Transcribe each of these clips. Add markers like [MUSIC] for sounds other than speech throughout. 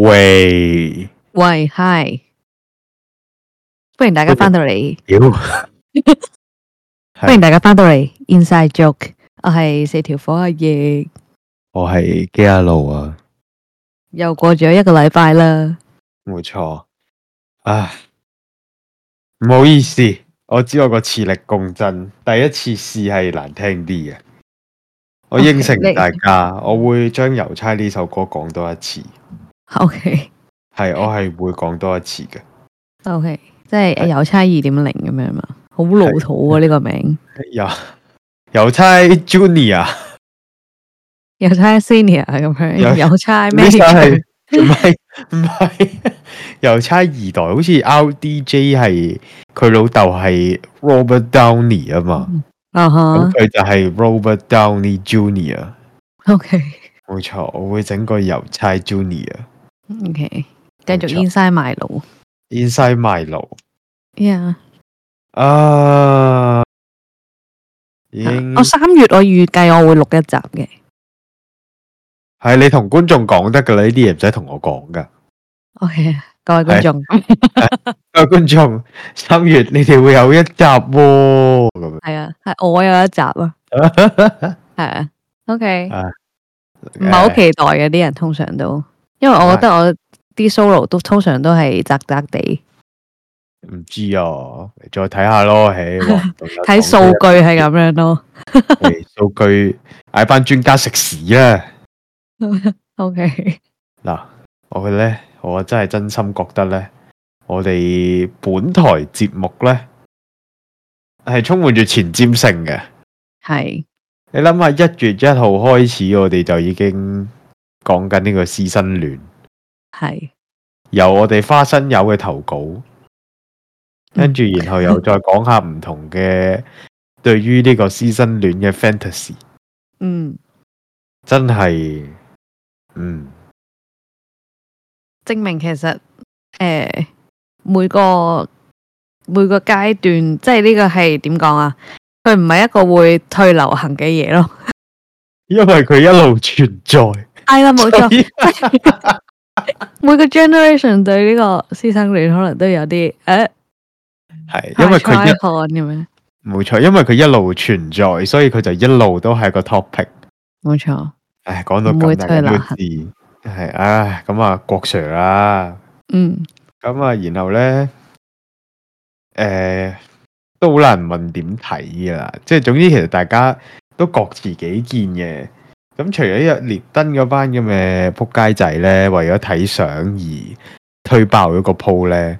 喂喂，hi，歡迎大家翻到嚟，歡迎大家翻到嚟 [LAUGHS] ，Inside Joke，我係四條火阿易，yeah, 我係基阿路啊，又過咗一個禮拜啦，冇錯，啊，唔好意思，我知我個磁力共振，第一次試係難聽啲嘅，我應承大家，okay. 我會將郵差呢首歌講多一次。O K，係我係會講多一次嘅。O、okay, K，即係郵差二點零咁樣嘛，好老土啊呢、這個名。郵郵差 Junior，郵差 Senior 係咁樣，郵差咩？唔係唔係，郵差二代好似 R D J 係佢老豆係 Robert Downey 啊嘛。咁、嗯、佢、uh -huh. 就係 Robert Downey Junior。O K，冇錯，我會整個郵差 Junior。OK，繼續 inside Milo Inside Milo Yeah。啊，我三月我預計我會錄一集嘅。係你同觀眾講得噶啦，呢啲嘢唔使同我講噶。OK，各位觀眾， [LAUGHS] 各位觀眾，三月你哋會有一集喎、哦。係 [LAUGHS] 啊，係我有一集咯、啊。係 [LAUGHS] 啊，OK，唔係好期待嘅啲人，通常都。因為我覺得我啲 solo 都是通常都係扎扎地，唔知啊，再睇下咯，睇 [LAUGHS] 數據係咁樣咯 [LAUGHS] 。數據嗌班專家食屎啊！OK，嗱我咧，我真係真心覺得咧，我哋本台節目咧係充滿住前瞻性嘅。係你諗下，一月一號開始，我哋就已經，講緊呢個師生戀，係由我哋花生友嘅投稿，跟住然後又再講下唔同嘅對於呢個師生戀嘅 fantasy。嗯，真係，嗯，證明其實誒、呃，每個每個階段，即係呢個係點講啊？佢唔係一個會退流行嘅嘢咯，因為佢一路存在。係啦，冇錯。每個 generation 對呢個師生戀可能都有啲誒，係因為佢一判嘅咩？冇錯，因為佢一路存在，所以佢就一路都係個 topic。冇錯。誒，講到咁大件事，係啊，咁啊，郭 Sir 啦，嗯，咁啊，然後咧，誒，都好難問點睇噶，即係總之，其實大家都各持己見嘅。咁除咗一日連登嗰班咁嘅撲街仔咧，為咗睇相而推爆咗個鋪咧，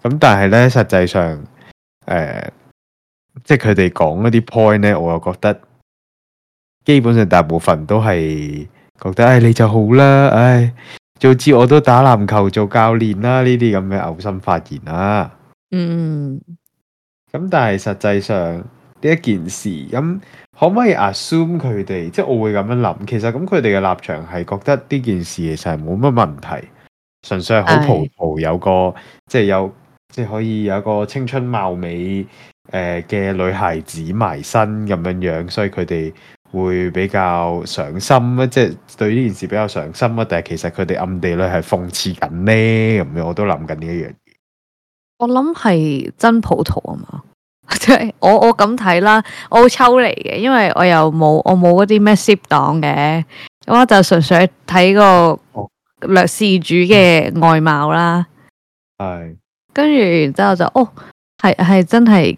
咁但係咧實際上，誒、呃，即係佢哋講嗰啲 point 咧，我又覺得基本上大部分都係覺得唉、哎，你就好啦，唉、哎，早知道早知我都打籃球做教練啦，呢啲咁嘅嘔心發言啦、啊。嗯，咁但係實際上。呢一件事，咁可唔可以 assume 佢哋？即係我會咁樣諗，其實咁佢哋嘅立場係覺得呢件事其實係冇乜問題，純粹係好葡萄、哎、有個即係有即係可以有一個青春貌美誒嘅女孩子埋身咁樣樣，所以佢哋會比較上心啊，即係對呢件事比較上心啊。但係其實佢哋暗地裏係諷刺緊呢。咁樣我都諗緊呢一樣嘢。我諗係真葡萄啊嘛。即 [LAUGHS] 係、就是、我我咁睇啦，我好抽離嘅，因為我又冇我冇嗰啲咩攝黨嘅，咁我就純粹睇個略事主嘅外貌啦。係，跟住然之後就哦，係係、哦、真係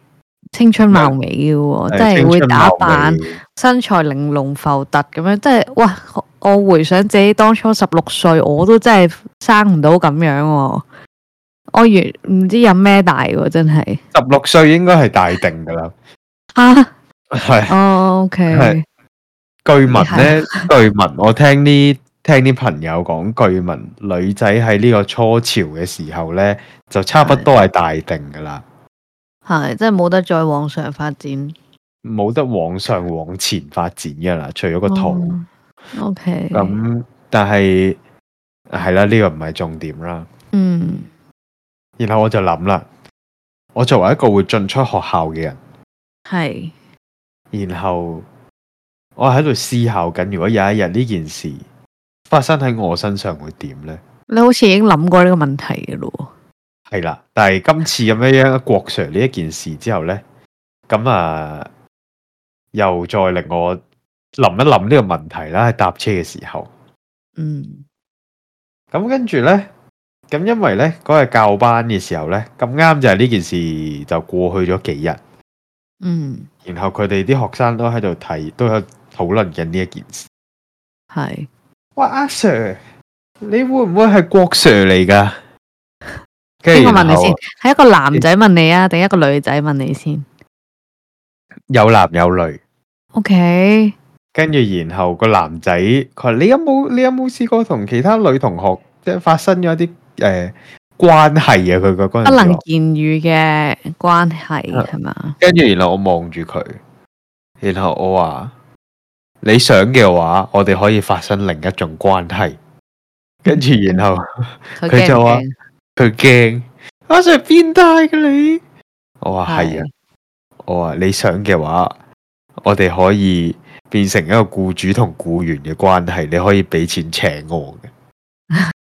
青春貌美嘅喎，真係會打扮，身材玲瓏浮凸咁樣，即係哇！我回想自己當初十六歲，我都真係生唔到咁樣喎、啊。我完唔知道有咩大喎，真係十六歲應該係大定噶啦。吓 [LAUGHS] 係、啊。O、oh, K、okay.。據聞咧， [LAUGHS] 據聞，我聽啲聽啲朋友講，據聞女仔喺呢個初潮嘅時候咧，就差不多係大定噶啦。係， [LAUGHS] 即係冇得再往上發展，冇得往上往前發展噶啦，除咗個痛。O、oh, K、okay.。咁但係係啦，呢、這個唔係重點啦。嗯。然後我就諗啦，我作為一個會進出學校嘅人，係。然後我喺度思考緊，如果有一日呢件事發生喺我身上會點呢？你好似已經諗過呢個問題嘅咯。係啦，但係今次咁樣樣，郭 Sir 呢一件事之後呢，咁啊又再令我諗一諗呢個問題啦。喺搭車嘅時候，嗯。咁跟住呢。咁因為咧，嗰日教班嘅時候咧，咁啱就係呢件事就過去咗幾日，嗯，然後佢哋啲學生都喺度睇，都有討論緊呢一件事。係，喂，阿 Sir，你會唔會係郭 Sir 嚟噶？跟住我問你先，係一個男仔問你啊，定一個女仔問你先？有男有女。OK，跟住然後個男仔佢話：你有冇你有冇試過同其他女同學即係發生咗一啲？誒、呃，關係啊，佢個關係、啊、不能言喻嘅關係係嘛？跟住然後我望住佢，然後我話你想嘅話，我哋可以發生另一種關係。跟住然後佢、嗯、就話佢驚，阿 sir 變態嘅你。我話係啊，我話你想嘅話，我哋可以變成一個僱主同僱員嘅關係，你可以俾錢請我嘅。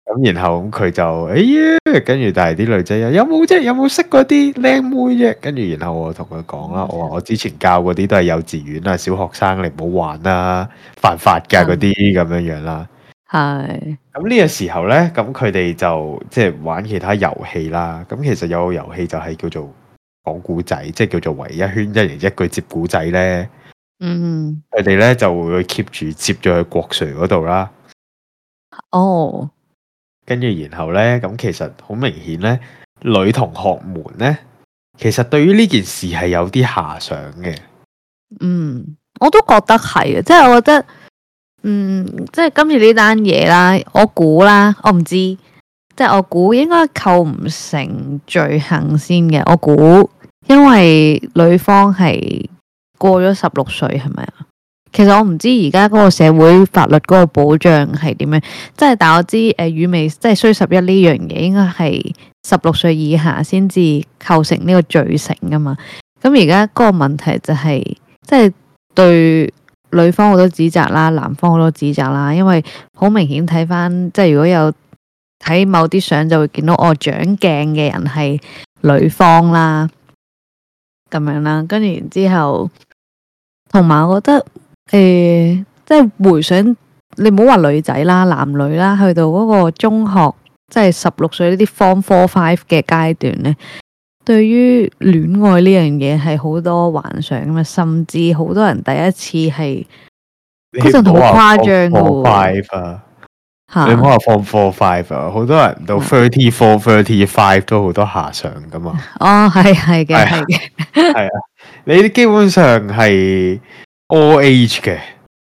咁然後，咁佢就哎，跟住但係啲女仔有，有冇啫，有冇識嗰啲靚妹啫？跟住然後我同佢講啦，我話我之前教嗰啲都係幼稚園啊、小學生，你唔好玩啦，犯法噶嗰啲咁樣樣啦。係咁呢個時候咧，咁佢哋就即係玩其他遊戲啦。咁其實有個遊戲就係叫做講古仔，即係叫做圍一圈一人一句接古仔咧。嗯，佢哋咧就會 keep 住接咗去國瑞嗰度啦。哦。跟住然後呢，咁其實好明顯呢，女同學們呢，其實對於呢件事係有啲遐想嘅。嗯，我都覺得係啊，即係我覺得，嗯，即係今次呢單嘢啦，我估啦，我唔知，即係我估應該構唔成罪行先嘅。我估因為女方係過咗十六歲，係咪啊？其實我唔知而家嗰個社會法律嗰個保障係點樣，即係但我知誒，雨、呃、薇即係衰十一呢樣嘢，應該係十六歲以下先至構成呢個罪成噶嘛。咁而家嗰個問題就係、是，即係對女方好多指責啦，男方好多指責啦，因為好明顯睇翻，即係如果有睇某啲相就會見到哦，掌鏡嘅人係女方啦，咁樣啦，跟住之後，同埋我覺得。誒，即係回想，你唔好話女仔啦，男女啦，去到嗰個中學，即係十六歲呢啲 form four five 嘅階段咧，對於戀愛呢樣嘢係好多幻想噶嘛，甚至好多人第一次係，其實好誇張噶。five 啊，你唔好話 form four five 啊，好、啊啊、多人到 thirty four thirty five 都好多遐想噶嘛。哦，係係嘅，係嘅，係啊 [LAUGHS] 你基本上係。all age 嘅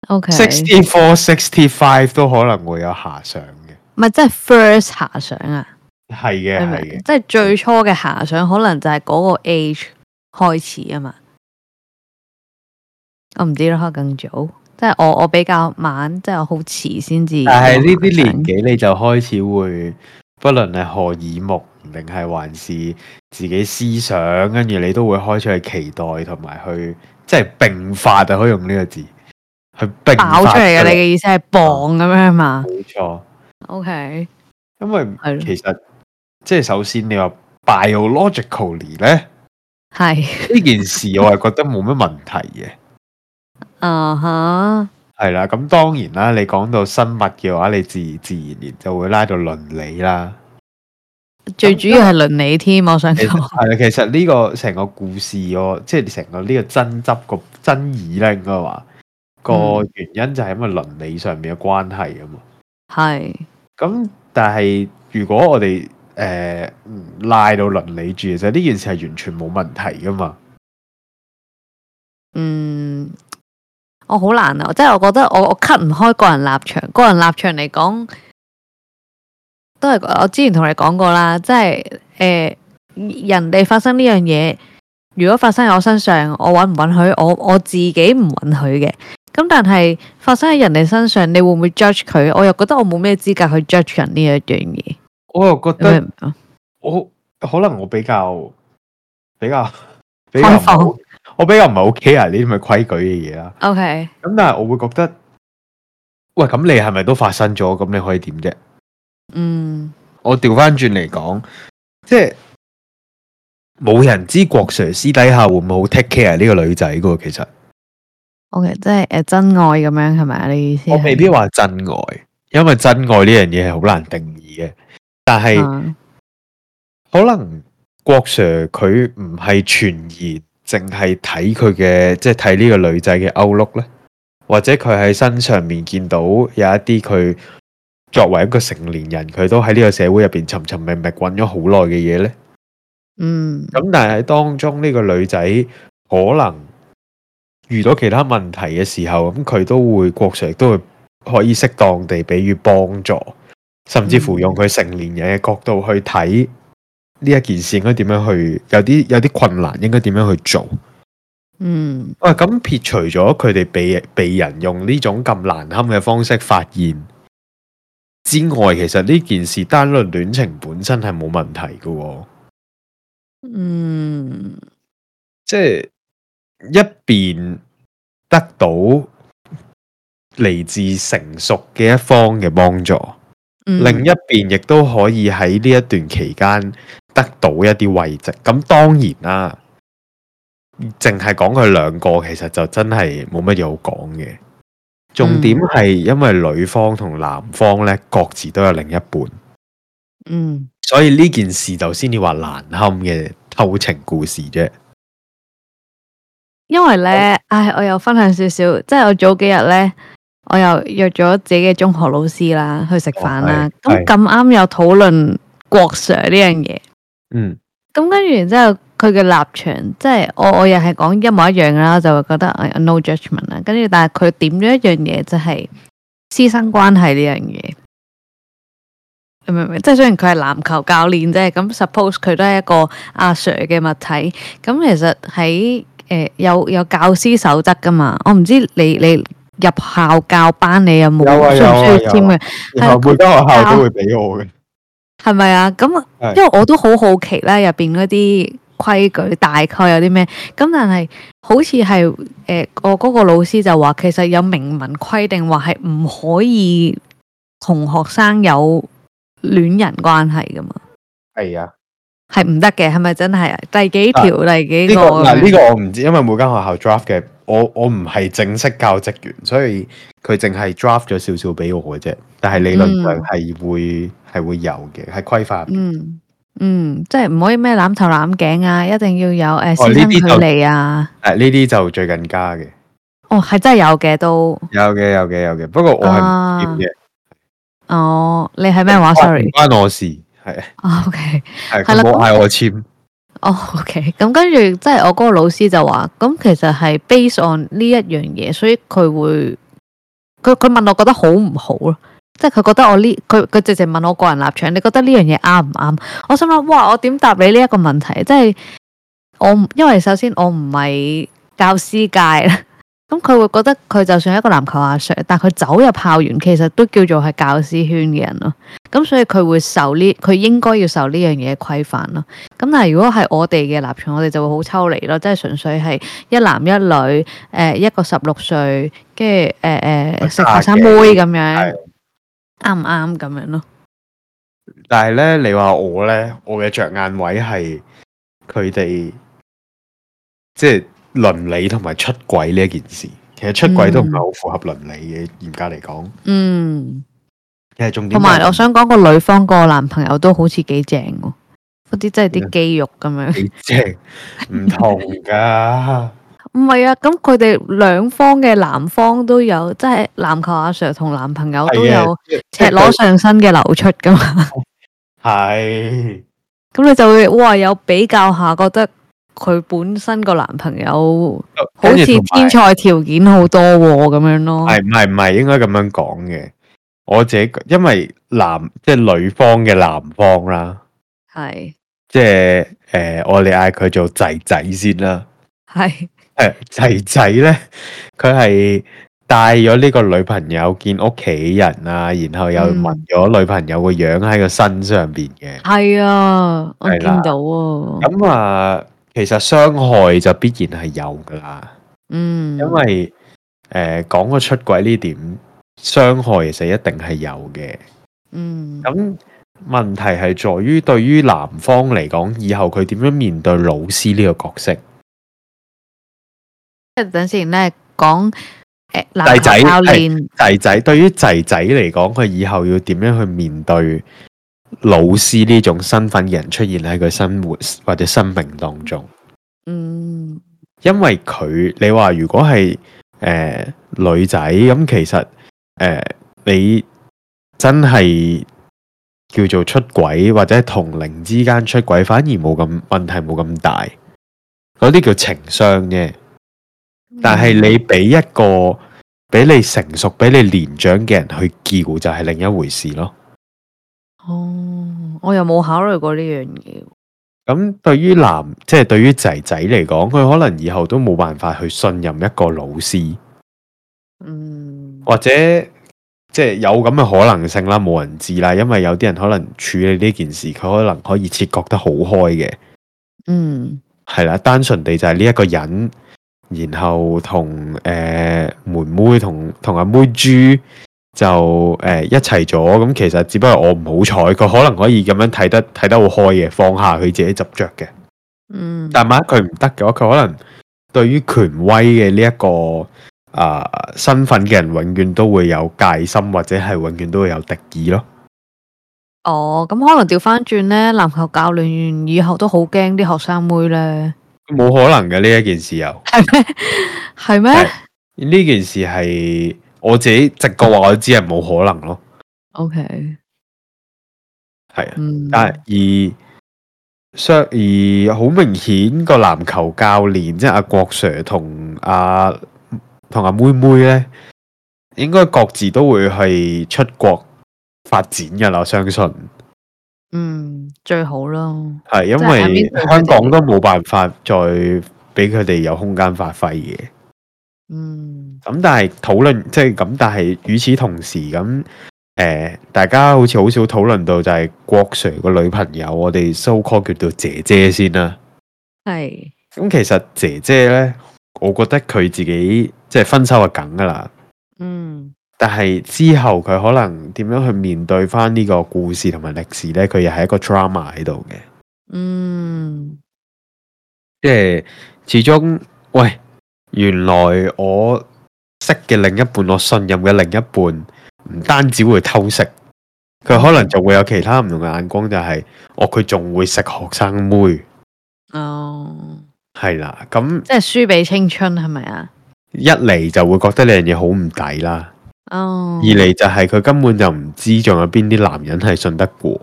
，OK，sixty four、sixty five 都可能會有遐想嘅，唔係即係 first 遐想啊，係嘅，即係最初嘅遐想可能就係嗰個 age 開始啊嘛，我唔知咯，可能更早，即係我我比較晚，即係我好遲先至，但係呢啲年紀你就開始會。不論係荷爾蒙，定係還是自己思想，跟住你都會開出去期待，同埋去即係併發就可以用呢個字去併發爆出嚟嘅，你嘅意思係磅咁樣嘛？冇錯。OK，因為其實即係首先你話 biologically 呢，係呢件事我係覺得冇乜問題嘅。啊哈。係啦，咁當然啦。你講到生物嘅話，你自自然然就會拉到倫理啦。最主要係倫理添，我想講係其實呢、這個成個故事個，即係成個呢個爭執個爭議咧，應該話個原因就係因為倫理上面嘅關係啊嘛。係。咁但係如果我哋誒、呃、拉到倫理住，其實呢件事係完全冇問題噶嘛。嗯。我、哦、好難啊！即係我覺得我我 cut 唔開個人立場，個人立場嚟講，都係我之前同你講過啦，即係誒、呃，人哋發生呢樣嘢，如果發生喺我身上，我允唔允許？我我自己唔允許嘅。咁但係發生喺人哋身上，你會唔會 judge 佢？我又覺得我冇咩資格去 judge 人呢一樣嘢。我又覺得，我可能我比較比較比較。比較我比較唔係 care 呢啲咪規矩嘅嘢啦。OK，咁但係我會覺得，喂，咁你係咪都發生咗？咁你可以點啫？嗯，我調翻轉嚟講，即係冇人知郭 Sir 私底下會唔會好 take care 呢個女仔噶？其實，OK，即係誒真愛咁樣係咪啊？你意思是我未必話真愛，因為真愛呢樣嘢係好難定義嘅。但係，嗯、可能郭 Sir 佢唔係傳言。淨係睇佢嘅，即係睇呢個女仔嘅 outlook 呢，或者佢喺身上面見到有一啲佢作為一個成年人，佢都喺呢個社會入邊尋尋覓覓揾咗好耐嘅嘢呢。嗯，咁但係當中呢個女仔可能遇到其他問題嘅時候，咁佢都會郭 Sir 亦都會可以適當地給予幫助，甚至乎用佢成年人嘅角度去睇、嗯。去睇呢一件事應該點樣去有啲有啲困難，應該點樣去做？嗯，哇、啊！咁撇除咗佢哋被被人用呢種咁難堪嘅方式發現之外，其實呢件事單論戀情本身係冇問題㗎喎。嗯，即係一邊得到嚟自成熟嘅一方嘅幫助、嗯，另一邊亦都可以喺呢一段期間，得到一啲位置咁，當然啦，淨係講佢兩個，其實就真係冇乜嘢好講嘅。重點係因為女方同男方咧，各自都有另一半，嗯，所以呢件事就先至話難堪嘅偷情故事啫。因為咧，唉、嗯哎，我又分享少少，即係我早幾日咧，我又約咗自己嘅中學老師啦去食飯啦。咁咁啱又討論郭 Sir 呢樣嘢。嗯，咁、嗯、跟住然之後佢嘅立場，即、就、係、是、我我又係講一模一樣啦，就會覺得誒 no judgment 啦。跟住但係佢點咗一樣嘢，就係、是、師生關係呢樣嘢，明唔明？即、就、係、是、雖然佢係籃球教練啫，咁 suppose 佢都係一個阿 Sir 嘅物體。咁其實喺誒、呃、有有教師守則噶嘛？我唔知你你入校教班你有冇？有啊有,啊是是有,啊有,啊有啊每間學校都會俾我嘅。係咪啊？咁，因為我都好好奇啦，入邊嗰啲規矩大概有啲咩？咁但係好似係誒，我嗰、嗰個老師就話，其實有明文規定話係唔可以同學生有戀人關係噶嘛？係啊，係唔得嘅，係咪真係？第幾條？啊、第幾個？嗱、呢、呢、個啊呢個我唔知，因為每間學校 draft 嘅，我我唔係正式教職員，所以佢淨係 draft 咗少少俾我嘅啫。但係理論上係會。嗯係會有嘅，係規範。嗯嗯，即係唔可以咩攬頭攬頸啊，一定要有誒社交距離啊。誒，呢啲就最近加嘅。哦，係真係有嘅都。有嘅有嘅有嘅，不過我係唔簽嘅。哦，你係咩話？Sorry，唔、哦、關我事，係。啊、哦、OK，係啦，我係我簽。哦，OK，咁跟住即係我嗰個老師就話，咁其實係 based on 呢一樣嘢，所以佢會，佢佢問我覺得好唔好咯。即係佢覺得我呢，佢直直問我個人立場，你覺得呢樣嘢啱唔啱？我心諗哇，我點答你呢一個問題？即係我，因為首先我唔係教師界啦，咁佢會覺得佢就算係一個籃球阿、啊、Sir，但佢走入校園，其實都叫做係教師圈嘅人咯。咁所以佢會受呢，佢應該要受呢樣嘢規範咯。咁但係如果係我哋嘅立場，我哋就會好抽離咯，即係純粹係一男一女，誒、呃、一個十六歲，跟住誒誒學生妹咁樣。啱唔啱咁樣咯？但係咧，你話我咧，我嘅着眼位係佢哋，即係倫理同埋出軌呢一件事，其實出軌都唔係好符合倫理嘅，嚴格嚟講。嗯，同埋、嗯，我想講個女方個男朋友都好似幾正喎，嗰啲真係啲肌肉咁樣、嗯。幾正唔 [LAUGHS] 同噶的。 [LAUGHS] 唔係啊，咁佢哋兩方嘅男方都有，即係籃球阿 Sir 同男朋友都有赤裸上身嘅流出㗎嘛？係。咁、就是、 [LAUGHS] 你就會哇有比較下，覺得佢本身個男朋友好似天才條件好多咁、哦、樣咯。係唔係唔係應該咁樣講嘅？我自己因為男即係女方嘅男方啦，係。即係誒、呃，我哋嗌佢做仔仔先啦。係。仔仔咧，佢係帶咗呢個女朋友見屋企人啊，然後又聞咗女朋友個樣喺個身上邊嘅。係啊，我見到啊。咁啊，其實傷害就必然係有噶啦。嗯，因為誒講個出軌呢點，傷害其實一定係有嘅。嗯，咁問題係在於，對於男方嚟講，以後佢點樣面對老師呢個角色？等先咧，講誒男校教練仔仔，對於仔仔嚟講，佢以後要點樣去面對老師呢種身份嘅人出現喺佢生活或者生命當中？嗯，因為佢你話如果係誒、呃、女仔咁、嗯，其實誒、呃、你真係叫做出軌或者同齡之間出軌，反而冇咁問題，冇咁大嗰啲叫情商啫。但係你俾一個俾你成熟、俾你年長嘅人去叫，就係另一回事咯。哦，我又冇考慮過呢樣嘢。咁對於男，即係對於仔仔嚟講，佢可能以後都冇辦法去信任一個老師。嗯。或者，即係有咁嘅可能性啦，冇人知啦。因為有啲人可能處理呢件事，佢可能可以切割得好開嘅。嗯。係啦，單純地就係呢一個人。然後同誒、呃、妹妹同同阿妹豬就誒、呃、一齊咗，咁其實只不過我唔好彩，佢可能可以咁樣睇得睇得好開嘅，放下佢自己執着嘅。嗯，但係萬一佢唔得嘅話，佢可能對於權威嘅呢一個啊、呃、身份嘅人，永遠都會有戒心，或者係永遠都會有敵意咯。哦，咁可能調翻轉呢，籃球教練員以後都好驚啲學生妹咧。冇可能嘅呢一件事又，係咩？係咩？呢件事係我自己直覺話，我知係冇可能咯。O K，係啊，但係而、嗯、而好明顯，這個籃球教練即係阿郭 Sir 同阿同阿妹妹咧，應該各自都會係出國發展㗎喇，我相信。嗯，最好咯。係因為香港都冇辦法再俾佢哋有空間發揮嘅。嗯。咁但係討論即係咁，但係與此同時咁，誒、呃，大家好似好少討論到就係郭 sir 個女朋友，我哋 so call 叫做姐姐先啦。係。咁其實姐姐咧，我覺得佢自己即係分手係梗噶啦。嗯。但係之後佢可能點樣去面對翻呢個故事同埋歷史呢？佢又係一個 drama 喺度嘅，嗯，即係始終喂，原來我識嘅另一半，我信任嘅另一半，唔單止會偷食，佢可能就會有其他唔同嘅眼光，就係哦，佢仲會食學生妹，哦，係啦，咁即係輸俾青春係咪啊？一嚟就會覺得呢樣嘢好唔抵啦。Oh. 二嚟就係佢根本就唔知仲有邊啲男人係信得過，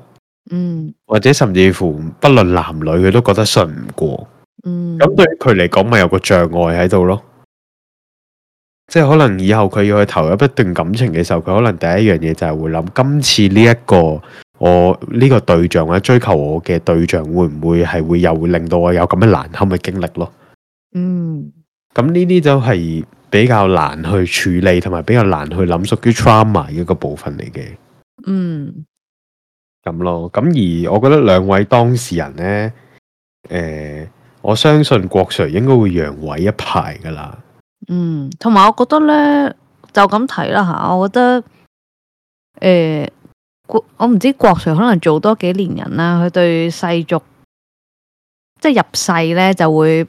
嗯、mm.，或者甚至乎不論男女佢都覺得信唔過，嗯、mm.，咁對佢嚟講咪有個障礙喺度咯，即係可能以後佢要去投入一段感情嘅時候，佢可能第一樣嘢就係會諗今次呢、這、一個我呢、這個對象或者追求我嘅對象會唔會係會又會令到我有咁樣難堪嘅經歷咯，嗯，咁呢啲就係、是。比較難去處理，同埋比較難去諗，屬於 trauma 嘅一個部分嚟嘅。嗯，咁咯，咁而我覺得兩位當事人呢，誒、呃，我相信國 Sir 應該會陽痿一排噶啦。嗯，同埋我覺得呢，就咁睇啦吓，我覺得，誒、呃，我唔知國 Sir 可能做多幾年人啦，佢對世俗，即係入世呢就會。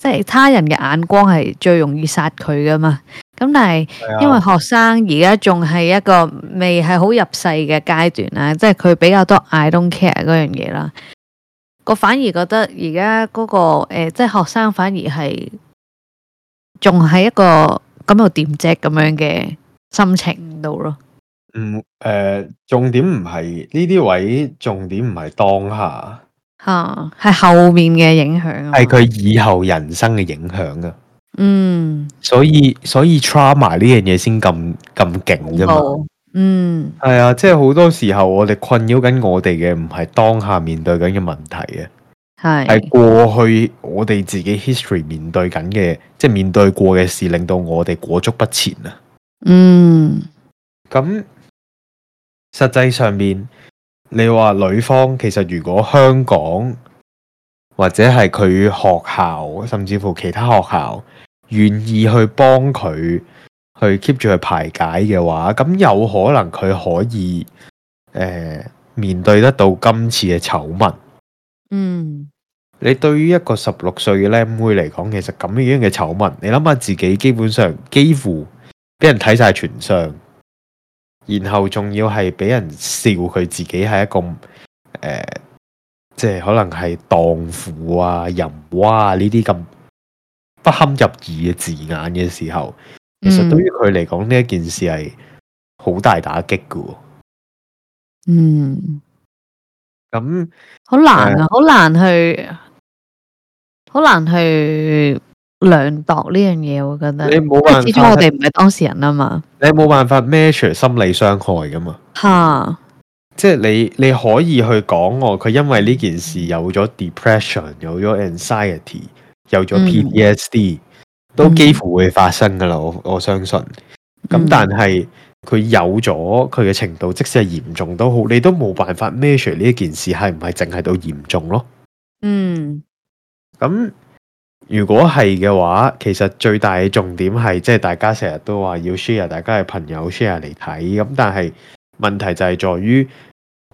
即係他人嘅眼光係最容易殺佢㗎嘛。咁但係因為學生而家仲係一個未係好入世嘅階段啦，即係佢比較多 I don't care 嗰樣嘢啦。我反而覺得而家嗰個、呃、即係學生反而係仲喺一個咁又點啫咁樣嘅心情度咯。嗯誒，呃，重點唔係呢啲位，重點唔係當下。啊，係後面嘅影響啊，係佢以後人生嘅影響啊。嗯，所以所以 trauma 呢樣嘢先咁咁勁啫嘛。嗯，係啊，即係好多時候我哋困擾緊我哋嘅唔係當下面對緊嘅問題啊，係係過去我哋自己 history 面對緊嘅，即係面對過嘅事令到我哋裹足不前啊。嗯，咁實際上面。你話女方其實如果香港或者係佢學校甚至乎其他學校願意去幫佢去 keep 住去排解嘅話，咁有可能佢可以、呃、面對得到今次嘅醜聞。嗯，你對於一個十六歲嘅靚妹嚟講，其實咁樣嘅醜聞，你諗下自己基本上幾乎俾人睇晒全相。然後仲要係俾人笑佢自己係一個、呃、即係可能係蕩婦啊、淫娃啊呢啲咁不堪入耳嘅字眼嘅時候，其實對於佢嚟講呢一件事係好大打擊嘅。嗯，咁、嗯、好難啊，好、呃、難去，好難去。量度呢樣嘢，我覺得你冇辦法，因為始終我哋唔係當事人啊嘛，你冇辦法 measure 心理傷害噶嘛，吓、啊，即係你你可以去講我，佢因為呢件事有咗 depression，有咗 anxiety，有咗 PTSD，、嗯、都幾乎會發生噶啦，我、嗯、我相信。咁但係佢有咗佢嘅程度，即使係嚴重都好，你都冇辦法 measure 呢一件事係唔係淨係到嚴重咯。嗯，咁、嗯。如果係嘅話，其實最大嘅重點係即係大家成日都話要 share，大家嘅朋友 share 嚟睇，咁但係問題就係在於，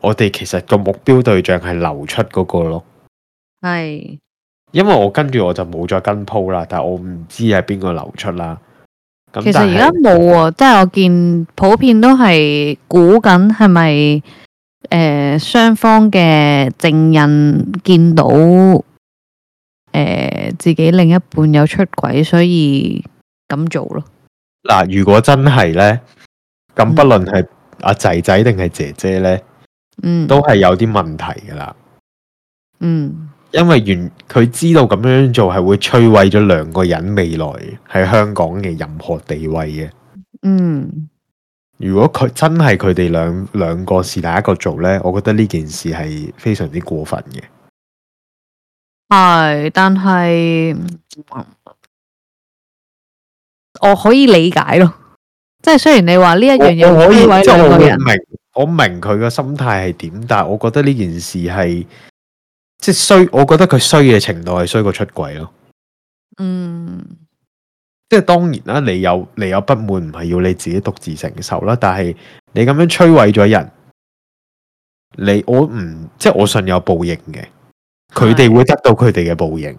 我哋其實個目標對象係流出嗰個咯。係，因為我跟住我就冇再跟鋪啦，但係我唔知係邊個流出啦。咁其實而家冇啊，即係我見普遍都係估緊係咪誒雙方嘅證人見到。誒、呃，自己另一半有出軌，所以咁做咯。嗱，如果真係呢，咁不論係阿仔仔定係姐姐呢，嗯、都係有啲問題噶啦。嗯，因為原佢知道咁樣做係會摧毀咗兩個人未來喺香港嘅任何地位嘅。嗯，如果佢真係佢哋兩兩個是但一個做呢，我覺得呢件事係非常之過分嘅。係，但係我可以理解咯，即係雖然你話呢一樣嘢，我可以即係我明，我明佢個心態係點，但係我覺得呢件事係即係衰，我覺得佢衰嘅程度係衰過出軌咯。嗯，即係當然啦，你有你有不滿，唔係要你自己獨自承受啦。但係你咁樣摧毀咗人，你我唔即係我信有報應嘅。佢哋會得到佢哋嘅報應，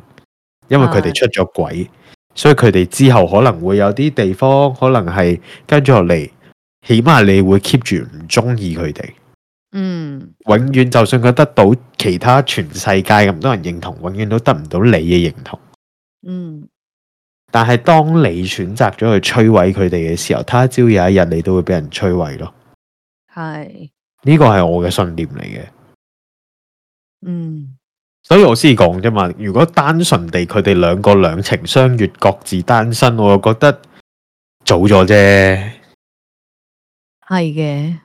因為佢哋出咗軌，所以佢哋之後可能會有啲地方，可能係跟住落嚟，起碼你會 keep 住唔中意佢哋。嗯，永遠就算佢得到其他全世界咁多人認同，永遠都得唔到你嘅認同。嗯，但係當你選擇咗去摧毀佢哋嘅時候，他朝有一日你都會俾人摧毀咯。係，呢個係我嘅信念嚟嘅。嗯。所以我先講啫嘛。如果單純地佢哋兩個兩情相悅、各自單身，我又覺得早咗啫。係嘅，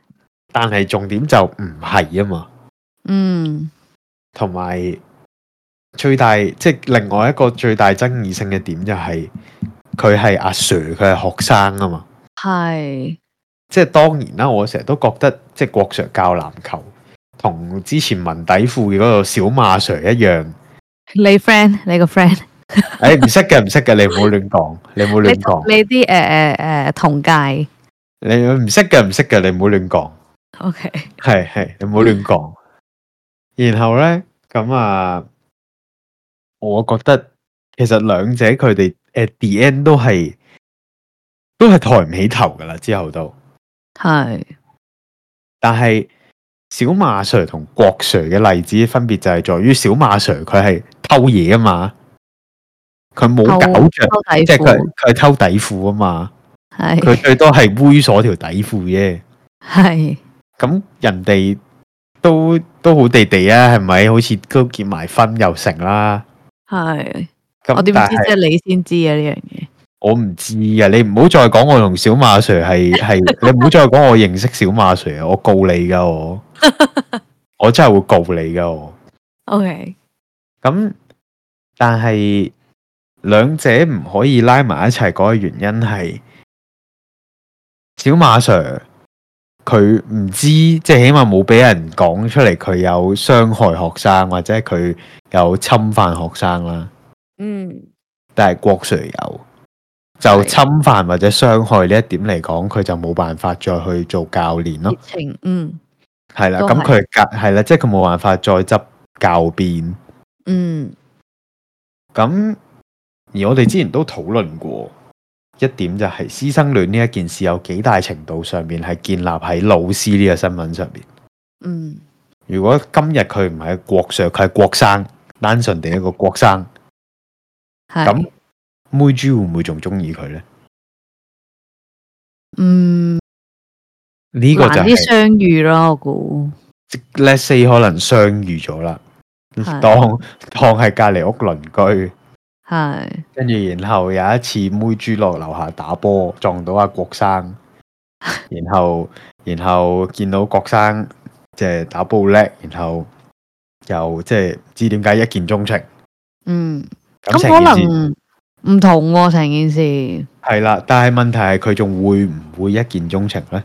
但係重點就唔係啊嘛。嗯，同埋最大即係另外一個最大爭議性嘅點就係佢係阿 Sir，佢係學生啊嘛。係，即係當然啦。我成日都覺得即係郭 Sir 教籃球。同之前文底褲嘅嗰個小馬 Sir 一樣，你 friend，你個 friend，誒唔識嘅唔識嘅，你唔好亂講，你唔好亂講，你啲誒誒誒同屆，你唔識嘅唔識嘅，你唔好亂講，OK，係係，你唔好亂講。然後咧咁啊，我覺得其實兩者佢哋 at the end 都係都係抬唔起頭㗎喇，之後都係，但係。小馬 Sir 同郭 Sir 嘅例子分別就係在於小馬 Sir 佢係偷嘢啊嘛，佢冇搞着，即係佢佢偷底褲啊嘛，係佢最多係猥瑣條底褲啫，係咁人哋都都好地地啊，係咪？好似都結埋婚又成啦，係咁我點知即係你先知啊呢樣嘢？我唔知啊，你唔好再講我同小馬 Sir 係係， [LAUGHS] 你唔好再講我認識小馬 Sir 啊，我告你噶我。 [LAUGHS] 我真係會告你噶，哦。OK，咁但係兩者唔可以拉埋一齊，嗰個原因係小馬 Sir 佢唔知道，即係起碼冇俾人講出嚟，佢有傷害學生或者佢有侵犯學生啦。嗯，但係郭 Sir 有就侵犯或者傷害呢一點嚟講，佢就冇辦法再去做教練咯。情嗯。係啦，咁佢教係啦，即係佢冇辦法再執教鞭。嗯，咁而我哋之前都討論過一點就係師生戀呢一件事有幾大程度上面係建立喺老師呢個身份上面。嗯，如果今日佢唔係國 sir，佢係國生，單純定一個國生，咁妹豬會唔會仲中意佢呢？嗯。呢個就係難啲相遇咯，我估。即 last four 可能相遇咗啦，當當係隔籬屋鄰居。係。跟住然後有一次妹豬落樓下打波，撞到阿郭生。然後然後見到郭生即係打波叻，然後又即係知點解一見鍾情。嗯。咁可能唔同喎，成件事。係啦，但係問題係佢仲會唔會一見鍾情咧？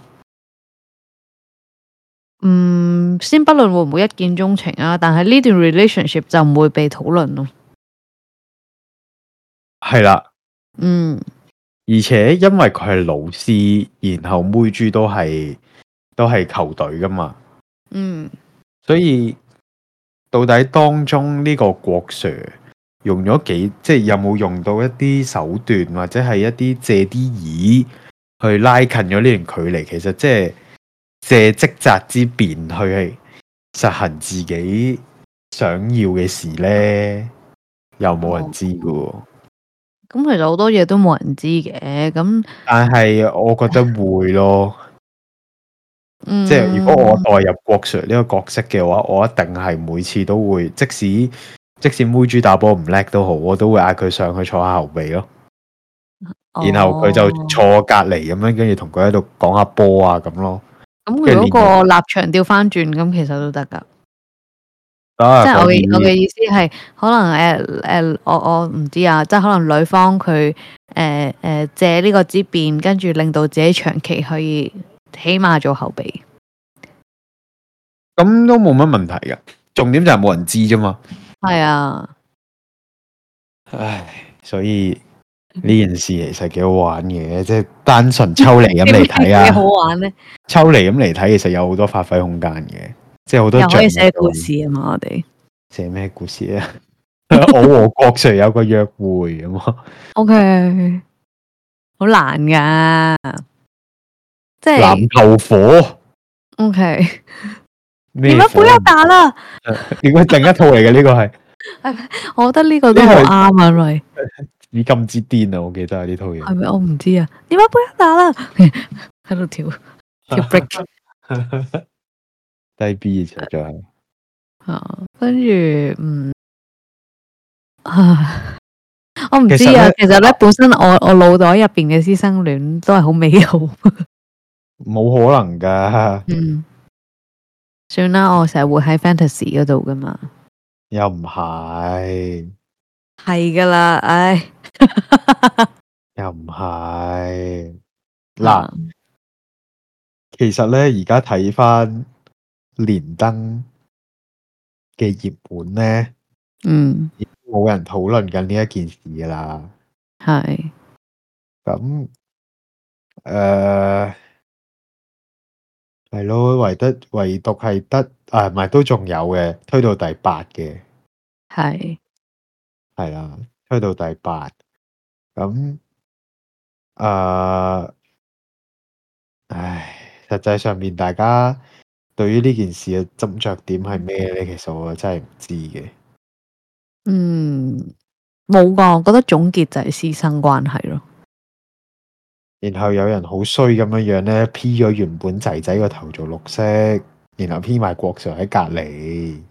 嗯，先不論會唔會一見鍾情啊，但係呢段 relationship 就唔會被討論咯。係啦，嗯，而且因為佢係老師，然後妹豬都係都係球隊噶嘛，嗯，所以到底當中呢個郭 Sir 用咗幾，即係有冇用到一啲手段或者係一啲借啲耳去拉近咗呢段距離？其實即係。借職責之便去實行自己想要嘅事呢，又冇人知嘅。咁、哦、其實好多嘢都冇人知嘅。咁但係我覺得會咯，嗯、即係如果我代入郭 Sir 呢個角色嘅話，我一定係每次都會，即使即使妹豬打波唔叻都好，我都會嗌佢上去坐下後尾咯、哦。然後佢就坐隔籬咁樣，跟住同佢喺度講下波啊咁咯。咁如果個立場調翻轉，咁其實都得噶、啊。即係我嘅我嘅意思係，可能誒誒、呃呃，我我唔知啊，即係可能女方佢誒誒借呢個之便，跟住令到自己長期可以起碼做後備。咁都冇乜問題噶，重點就係冇人知啫嘛。係啊，唉，所以。呢件事其實幾好玩嘅，即係單純抽嚟咁嚟睇啊！係好玩咩？抽嚟咁嚟睇，其實有好多發揮空間嘅，即係好多。又可以寫故事啊嘛，我哋寫咩故事啊？ [LAUGHS] [LAUGHS] 我和國 Sir 有個約會咁 O K，好難噶，即係籃球火。O K，唔好一打啦。呢 [LAUGHS] 個定一套嚟嘅，呢個係。我覺得呢個都好啱啊，咪。 [LAUGHS] [LAUGHS] 你咁之癲啊！我記得呢套嘢係咪？我唔知啊！點解搬一打啦，喺 [LAUGHS] 度跳跳 [LAUGHS] break 低 B 嘅存在。啊，跟住嗯，啊、我唔知啊。其實咧，本身我我腦袋入邊嘅師生戀都係好美好，冇 [LAUGHS] 可能噶。嗯，算啦，我成日會喺 fantasy 嗰度噶嘛，又唔係，係噶啦，唉、哎。 [LAUGHS] 又唔係嗱，其實咧，而家睇翻連登嘅熱門咧，嗯，冇人討論緊呢一件事㗎啦。係咁誒，係咯，呃，唯得唯獨係得啊，唔係都仲有嘅，推到第八嘅，係係啦。是去到第八，咁誒、呃，唉，實際上面大家對於呢件事嘅斟酌點係咩呢？其實我真係唔知嘅。嗯，冇噶，我覺得總結就係師生關係咯。然後有人好衰咁樣樣咧，P 咗原本仔仔個頭做綠色，然後 P 埋，郭 Sir 喺隔籬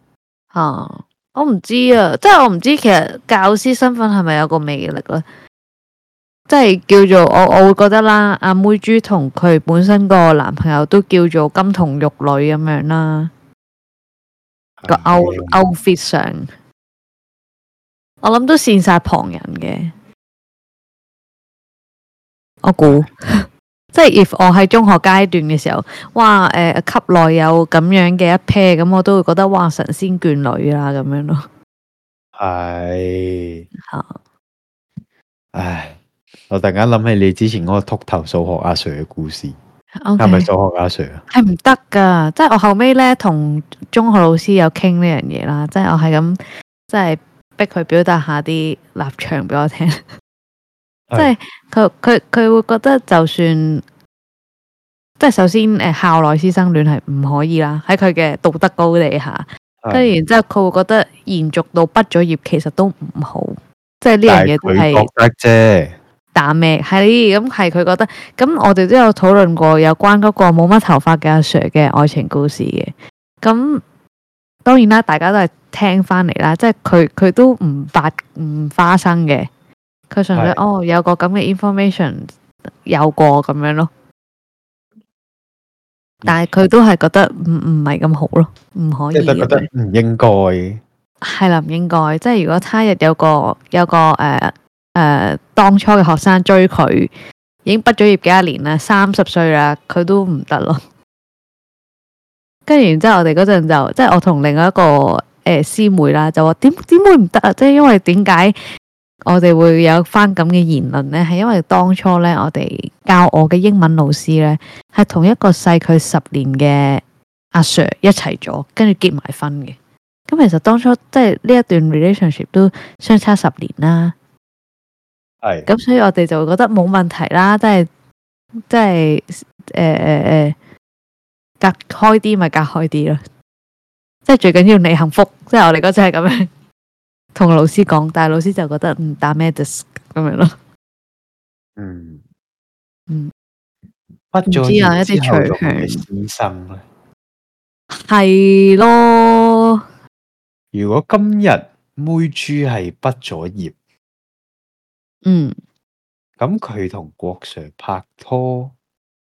啊！我唔知啊，即係我唔知，其實教師身份係咪有個魅力咧？即係叫做我，我會覺得啦，阿妹豬同佢本身個男朋友都叫做金童玉女咁樣啦，嗯、個 outfit 上，嗯、我諗都羨煞旁人嘅，我估。 [LAUGHS] 即係，if 我喺中學階段嘅時候，哇，誒、呃，級內有咁樣嘅一 pair，咁我都會覺得哇，神仙眷侶啦，咁樣咯。係。好。唉，我突然間諗起你之前嗰個禿頭數學阿 Sir 嘅故事，係、okay、咪數學阿 Sir 啊？係唔得噶，即係我後尾咧同中學老師有傾呢樣嘢啦，即係我係咁，即係逼佢表達下啲立場俾我聽。即係佢佢佢會覺得就算，即係首先誒校內師生戀係唔可以啦，喺佢嘅道德高地下，跟住然之後佢會覺得延續到畢咗業其實都唔好，即係呢樣嘢都係。啫。打咩？係咁係佢覺得咁，得我哋都有討論過有關嗰個冇乜頭髮嘅阿 Sir 嘅愛情故事嘅。咁當然啦，大家都係聽翻嚟啦，即係佢佢都唔發唔發生嘅。佢純粹哦，有個咁嘅 information 有過咁樣咯，但係佢都係覺得唔唔係咁好咯，唔可以、即係、覺得唔應該係啦，唔應該即係如果他日有個有個誒誒、呃呃、當初嘅學生追佢已經畢咗業了幾多年啦，三十歲啦，佢都唔得咯。跟住然之後，我哋嗰陣就即係我同另外一個誒、呃、師妹啦，就話點點會唔得啊？即係因為點解？.我哋會有翻咁嘅言論呢，係因為當初呢，我哋教我嘅英文老師呢，係同一個細佢十年嘅阿 Sir 一齊咗，跟住結埋婚嘅。咁其實當初即係呢一段 relationship 都相差十年啦。係。咁所以我哋就會覺得冇問題啦，即係即係誒誒誒，隔開啲咪隔開啲咯。即係最緊要你幸福，即係我哋嗰陣係咁樣。同老師講，但係老師就覺得唔打咩 disc 咁樣咯。嗯，嗯，唔知啊，一啲長嘅先生咧，係咯。如果今日妹豬係畢咗業，嗯，咁佢同郭 Sir 拍拖，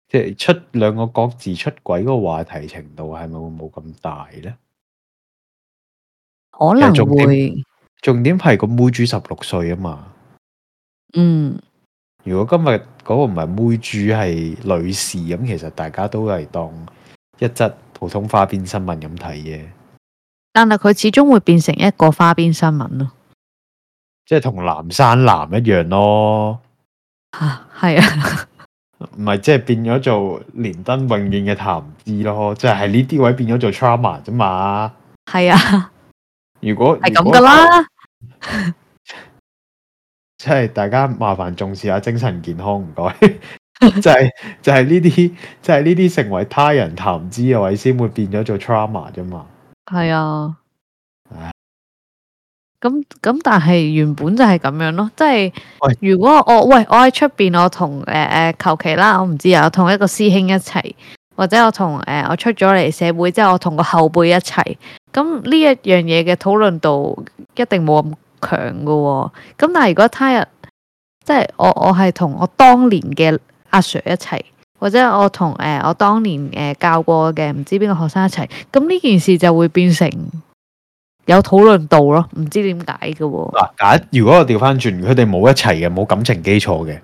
即係出兩個各自出軌個話題程度，係咪會冇咁大咧？可能會。重點係個妹豬十六歲啊嘛，嗯，如果今日嗰個唔係妹豬係女士，咁其實大家都係當一則普通花邊新聞咁睇嘅。但係佢始終會變成一個花邊新聞咯，即係同南山男一樣咯。啊，係啊，唔係即係變咗做連登永遠嘅談資咯，即係呢啲位變咗做 trauma 啫嘛。係啊。如果係咁噶啦，即 [LAUGHS] 係大家麻煩重視下精神健康，唔該、 [LAUGHS] 就係。就係就係呢啲，就係呢啲成為他人談資嘅位，先會變咗做 trauma 啫嘛。係啊。咁咁，但係原本就係咁樣咯。即、就、係、係、如果我喂我喺出邊，我同誒誒求其啦，我唔知啊，我同一個師兄一齊，或者我同誒、呃、我出咗嚟社會之後，就係、我同個後輩一齊。咁呢一樣嘢嘅討論度一定冇咁強嘅喎。咁但係如果他日即係我，我係同我當年嘅阿 Sir 一齊，或者我同我當年教過嘅唔知邊個學生一齊，咁呢件事就會變成有討論度咯。唔知點解嘅喎。嗱，如果我掉翻轉，佢哋冇一齊嘅，冇感情基礎嘅，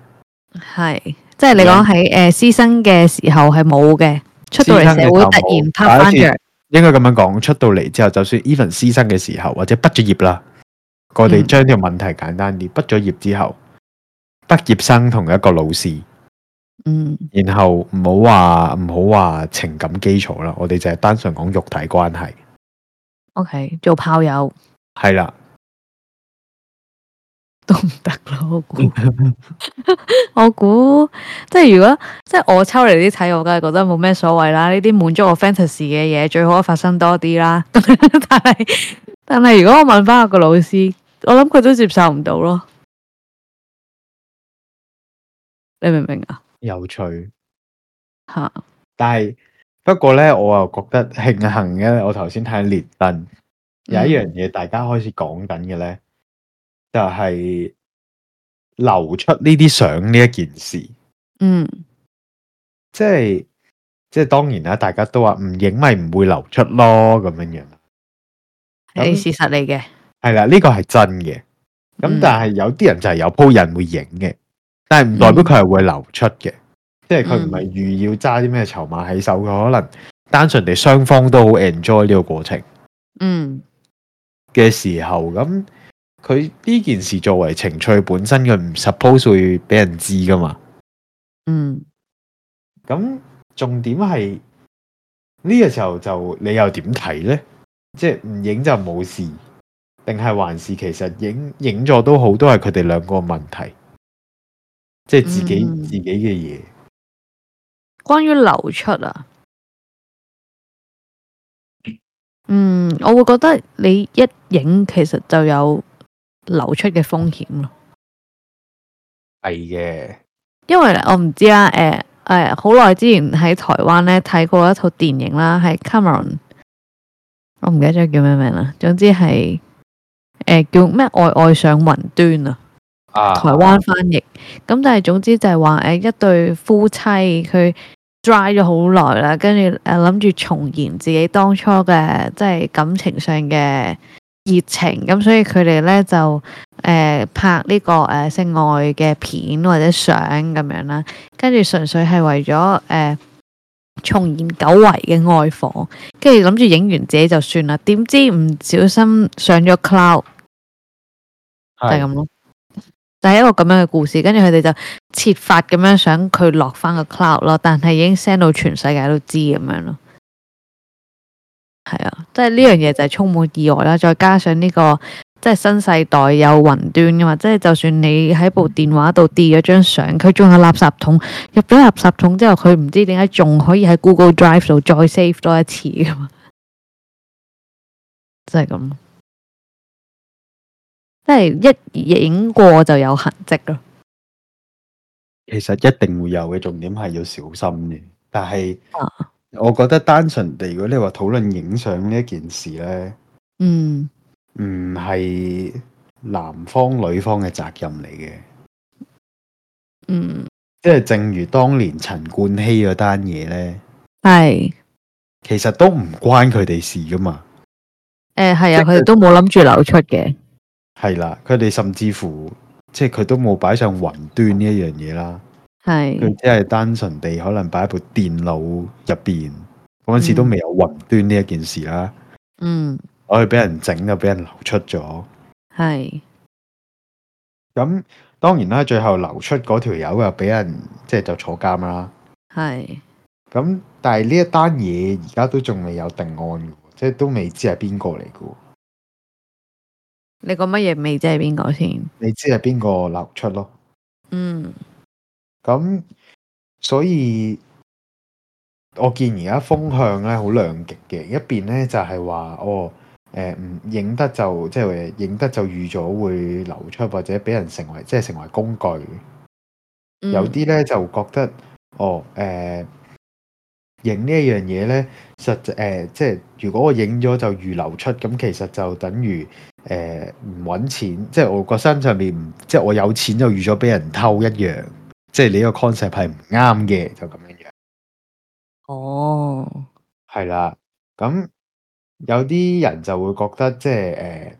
係即係你講喺誒師生嘅時候係冇嘅，出到嚟社會突然掉翻轉。應該咁樣講，出到嚟之後，就算 Even 師生嘅時候，或者畢咗業啦，我哋將呢個問題簡單啲。畢咗業之後，畢業生同一個老師，嗯，然後唔好話唔好話情感基礎啦，我哋就係單純講肉體關係。OK，做炮友係啦。都唔得咯，我估， [LAUGHS] 我估即係如果即係我抽嚟啲睇，我梗係覺得冇咩所謂啦。呢啲滿足我 fantasy 嘅嘢最好發生多啲啦。 [LAUGHS] 但係但係如果我問翻個老師，我諗佢都接受唔到咯。你明唔明啊？有趣吓，但係不過呢，我又覺得慶幸嘅。我頭先睇《列頓》，有一樣嘢大家開始講緊嘅呢。就係、是、流出呢啲相呢一件事，嗯，即係即係當然啦，大家都話唔影咪唔會流出咯，咁樣樣係事實嚟嘅，係啦，呢、這個係真嘅。咁但係有啲人就係有鋪人會影嘅，但係唔代表佢係會流出嘅，即係佢唔係預要揸啲咩籌碼喺手，佢、嗯、可能單純地雙方都好 enjoy 呢個過程，嗯嘅時候咁。佢呢件事作為情趣本身嘅唔 suppose 會俾人知噶嘛？嗯。咁重點係呢個時候就你又點睇呢？即係唔影就冇事，定係還是其實影影咗都好，都係佢哋兩個問題，即係自己、嗯、自己嘅嘢。關於流出啊，嗯，我會覺得你一影其實就有。流出嘅風險咯，係嘅。因為我唔知啦，誒、呃、誒，好、呃、耐之前喺台灣咧睇過一套電影啦，係《Cameron》，我唔記得咗叫咩名啦。總之係誒、呃、叫咩？愛愛上雲端啊！啊台灣翻譯。咁但係總之就係話誒，一對夫妻佢 dry 咗好耐啦，跟住誒諗住重燃自己當初嘅即係感情上嘅。熱情咁，所以佢哋咧就誒、呃、拍呢、這個誒、呃、性愛嘅片或者相咁樣啦，跟住純粹係為咗誒、呃、重燃久違嘅愛火，跟住諗住影完自己就算啦。點知唔小心上咗 cloud，就係咁咯。就係、是就是，一個咁樣嘅故事，跟住佢哋就設法咁樣想佢落翻個 cloud 咯，但係已經 send 到全世界都知咁樣咯。係啊，即係呢樣嘢就係充滿意外啦。再加上呢個即係新世代有雲端噶嘛，即係就算你喺部電話度跌咗張相，佢仲有垃圾桶入咗垃圾桶之後，佢唔知點解仲可以喺 Google Drive 度再 save 多一次噶嘛，即係咁，即係一影過就有痕跡咯。其實一定會有嘅，重點係要小心嘅，但係我覺得單純地，如果你話討論影相呢一件事呢，嗯，唔係男方女方嘅責任嚟嘅。嗯，即係正如當年陳冠希嗰單嘢呢，係，其實都唔關佢哋事噶嘛，誒、呃，係啊，佢哋都冇諗住流出嘅，係啦，佢哋甚至乎即係佢都冇擺上雲端呢一樣嘢啦。係，佢只係單純地可能擺喺部電腦入邊，嗰陣時都未有雲端呢一件事啦。嗯，我哋俾人整咗，俾人流出咗。係。咁當然啦，最後流出嗰條友又俾人即係、就是、就坐監啦。係。咁但係呢一單嘢而家都仲未有定案，即係都未知係邊個嚟噶。你講乜嘢未知係邊個先？你知係邊個流出咯？嗯。咁所以，我見而家風向咧好兩極嘅一邊咧就係、是、話，哦，誒、呃，唔影得就即係影得就預咗會流出，或者俾人成為即係成為工具。嗯、有啲咧就覺得，哦，誒、呃，影呢一樣嘢咧，實誒、呃、即係如果我影咗就預流出咁，其實就等於誒唔揾錢，即係我個身上面，即係我有錢就預咗俾人偷一樣。即係你個 concept 係唔啱嘅，就咁樣樣。哦，係啦。咁有啲人就會覺得，即係誒，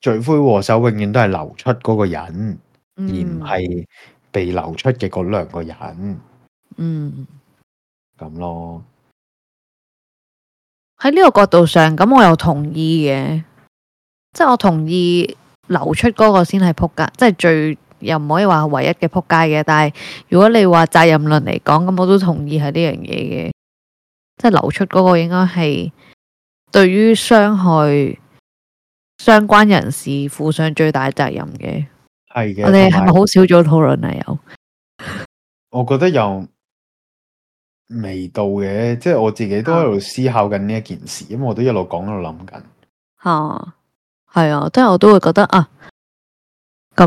罪魁禍首永遠都係流出嗰個人，嗯、而唔係被流出嘅嗰兩個人。嗯，咁咯。喺呢個角度上，咁我又同意嘅。即係我同意流出嗰個先係仆街，即係最又唔可以話唯一嘅仆街嘅，但係如果你話責任論嚟講，咁我都同意係呢樣嘢嘅，即係流出嗰個應該係對於傷害相關人士負上最大責任嘅。係嘅，我哋係咪好少做討論啊？又，我覺得又未到嘅，即係我自己都喺度思考緊呢一件事，因為我都一路講一路諗緊。吓，係啊，即係我都會覺得啊。咁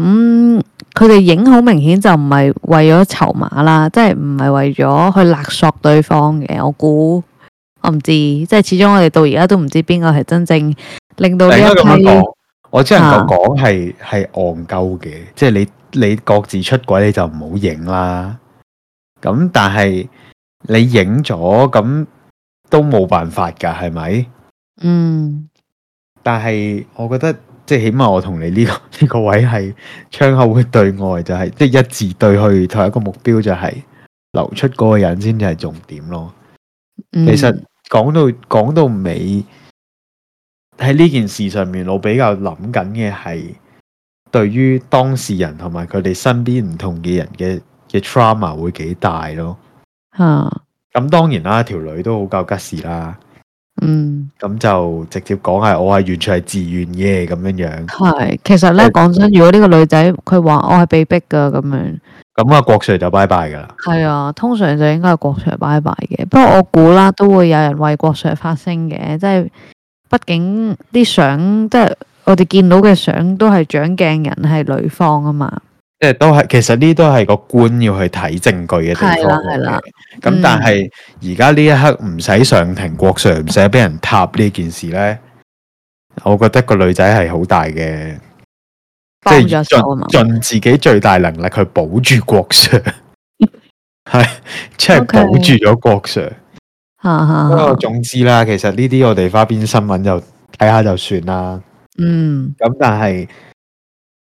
佢哋影好明顯就唔係為咗籌碼啦，即係唔係為咗去勒索對方嘅。我估我唔知，即係始終我哋到而家都唔知邊個係真正令到呢一個情況。我只能夠講係係戇鳩嘅，即係你你各自出軌你就唔好影啦。咁但係你影咗咁都冇辦法噶，係咪？嗯。但係我覺得。即係起碼我同你呢、這個呢、這個位係窗口，嘅對外就係即係一致對去同一個目標就係留出嗰個人先至係重點咯。嗯、其實講到講到尾喺呢件事上面，我比較諗緊嘅係對於當事人同埋佢哋身邊唔同嘅人嘅嘅 trauma 會幾大咯。咁、嗯、當然啦，條女都好夠吉事啦。嗯，咁、嗯、就直接講係，我係完全係自願嘅咁樣樣。係，其實咧講真，如果呢個女仔佢話我係被逼噶咁樣，咁阿郭 Sir 就拜拜噶啦。係啊，通常就應該係郭 Sir 拜拜嘅。不過我估啦，都會有人為郭 Sir 發聲嘅，即係畢竟啲相，即係我哋見到嘅相都係掌鏡人係女方啊嘛。即係都係，其實呢都係個官要去睇證據嘅地方。係啦，咁、嗯、但係而家呢一刻唔使上庭郭 Sir，唔使俾人撻呢件事咧，我覺得個女仔係好大嘅，即係、就是、盡盡自己最大能力去保住郭 Sir，係即係保住咗郭 Sir。吓吓。不過總之啦，其實呢啲我哋花邊新聞就睇下就算啦。嗯，嗯。咁但係，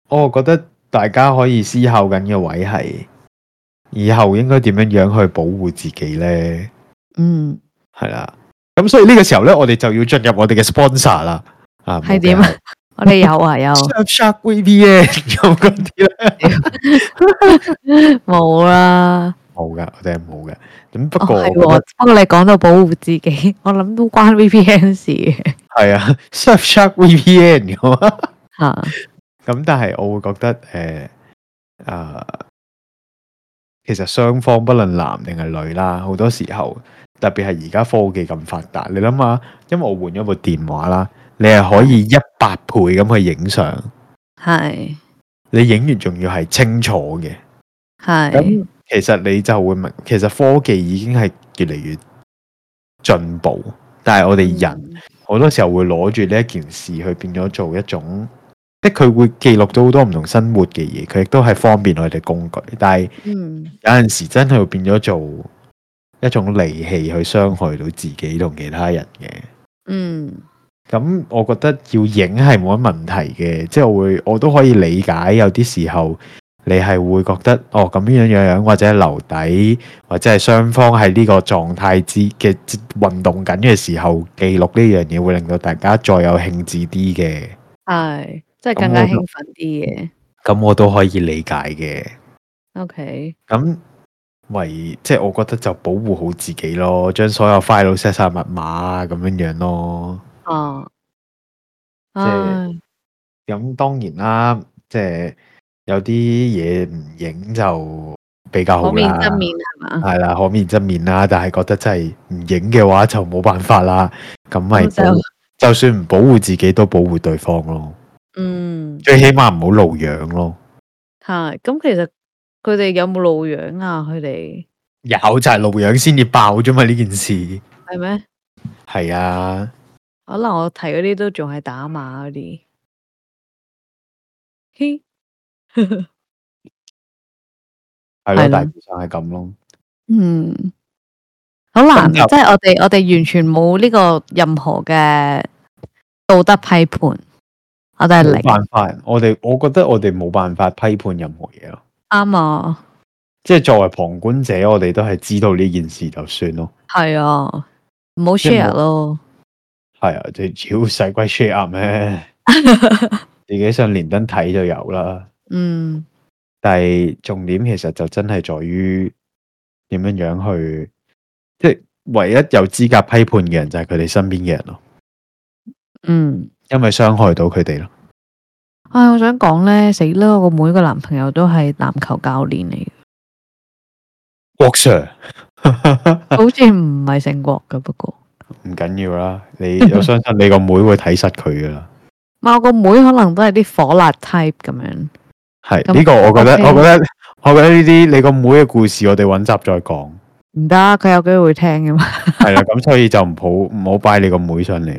我覺得。大家可以思考緊嘅位係以後應該點樣樣去保護自己咧？嗯，係啦。咁所以呢個時候咧，我哋就要進入我哋嘅 sponsor 啦。啊，係點？我哋有啊，有。 [LAUGHS] Surfshark VPN 有嗰啲咧？冇 [LAUGHS] 啦，冇噶，我哋係冇噶。咁不過，不、哦、過你講到保護自己，我諗都關 VPN 事。係啊，Surfshark VPN 吓。 [LAUGHS] [LAUGHS] [LAUGHS] 咁、嗯、但係我會覺得誒，啊、呃呃，其實雙方不論男定係女啦，好多時候特別係而家科技咁發達，你諗下，因為我換咗部電話啦，你係可以一百倍咁去影相，係你影完仲要係清楚嘅，係咁、嗯，其實你就會明，其實科技已經係越嚟越進步，但係我哋人好、嗯、多時候會攞住呢一件事去變咗做一種。即係佢會記錄咗好多唔同生活嘅嘢，佢亦都係方便我哋工具。但係有陣時真係會變咗做一種利器去傷害到自己同其他人嘅。嗯，咁我覺得要影係冇乜問題嘅，即係會我都可以理解。有啲時候你係會覺得哦，咁樣樣樣，或者留底，或者係雙方喺呢個狀態之嘅運動緊嘅時候，記錄呢樣嘢會令到大家再有興致啲嘅。係。即係更加興奮啲嘅，咁我，我都可以理解嘅。OK，咁為即係我覺得就保護好自己咯，將所有 file set 晒密碼啊，咁樣樣咯。哦，哎、即係咁當然啦，即係有啲嘢唔影就比較好面啦。係啦，可免則免，面，面啦，但係覺得真係唔影嘅話就冇辦法啦。咁咪就，就算唔保護自己，都保護對方咯。嗯，最起碼唔好露樣咯。係、啊，咁其實佢哋有冇露樣啊？佢哋有就係、是、露樣先至爆啫嘛！呢件事係咩？係啊，可能我睇嗰啲都仲係打碼嗰啲。係、okay? 咯 [LAUGHS] 對了， [LAUGHS] 大致上係咁咯。嗯，好難，即係我哋我哋完全冇呢個任何嘅道德批判。我都係冇辦法，我哋我覺得我哋冇辦法批判任何嘢咯。啱啊，即係作為旁觀者，我哋都係知道呢件事就算咯。係啊，唔好 share 咯。係啊，即係超細鬼 share 咩？哎、 [LAUGHS] 自己上連登睇就有啦。嗯，但係重點其實就真係在於點樣樣去，即係唯一有資格批判嘅人就係佢哋身邊嘅人咯。嗯。因為傷害到佢哋咯。唉、哎，我想講咧，死啦！我個妹個男朋友都係籃球教練嚟嘅。郭 Sir [LAUGHS] 國 Sir，好似唔係姓國嘅，不過唔緊要啦。你有相信你個妹妹會睇實佢噶啦？ [LAUGHS] 我個妹妹可能都係啲火辣 type 咁樣。係、這、呢個我，我覺得，我覺得，我覺得呢啲你個妹嘅故事，我哋揾集再講。唔得，佢有機會聽嘅嘛。係 [LAUGHS] 啦，咁所以就唔好唔好擺你個妹妹上嚟。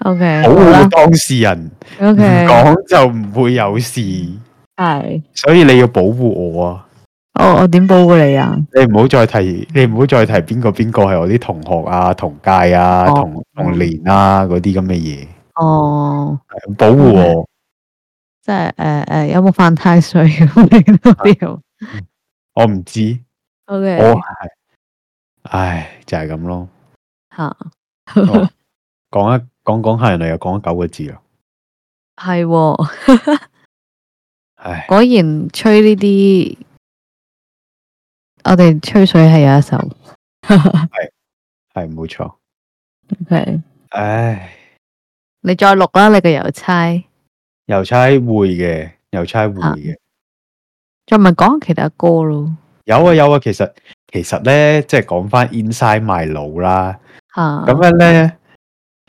O、okay, K，保護當事人，O K，唔講就唔會有事，係、okay,，所以你要保護我啊！哦、我我點保護你啊？你唔好再提，你唔好再提邊個邊個係我啲同學啊、同屆啊、哦、同同年啊嗰啲咁嘅嘢。哦，保護我，okay, 即係誒誒，有冇犯太歲我唔知道。O、okay, K，我唉，就係、是、咁咯。吓、啊。 [LAUGHS] 講一講講下人哋又講咗九個字咯，係、哦，唉，果然吹呢啲，我哋吹水係有一首，係係冇錯，係、okay，唉，你再錄啦，你個郵差，郵差會嘅，郵差會嘅、啊，再咪講其他歌咯，有啊有啊，其實其實咧，即係講翻 Inside Joke 啦，啊，咁樣咧。嗯。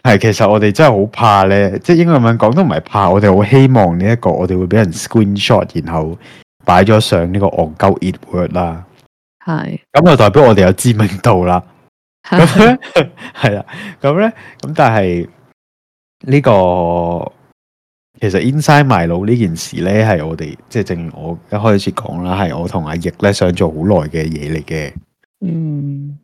係，其實我哋真係好怕咧，即係應該咁樣講都唔係怕，我哋好希望呢一個我哋會俾人 screen shot，然後擺咗上呢、這個 Angol e d w o r d 啦。係，咁就代表我哋有知名度啦。咁 [LAUGHS] 咧、 [LAUGHS] 啊，係啦，咁咧，咁但係呢個其實 inside my 腦呢件事咧，係我哋即係正如我一開始講啦，係我同阿易咧想做好耐嘅嘢嚟嘅。嗯。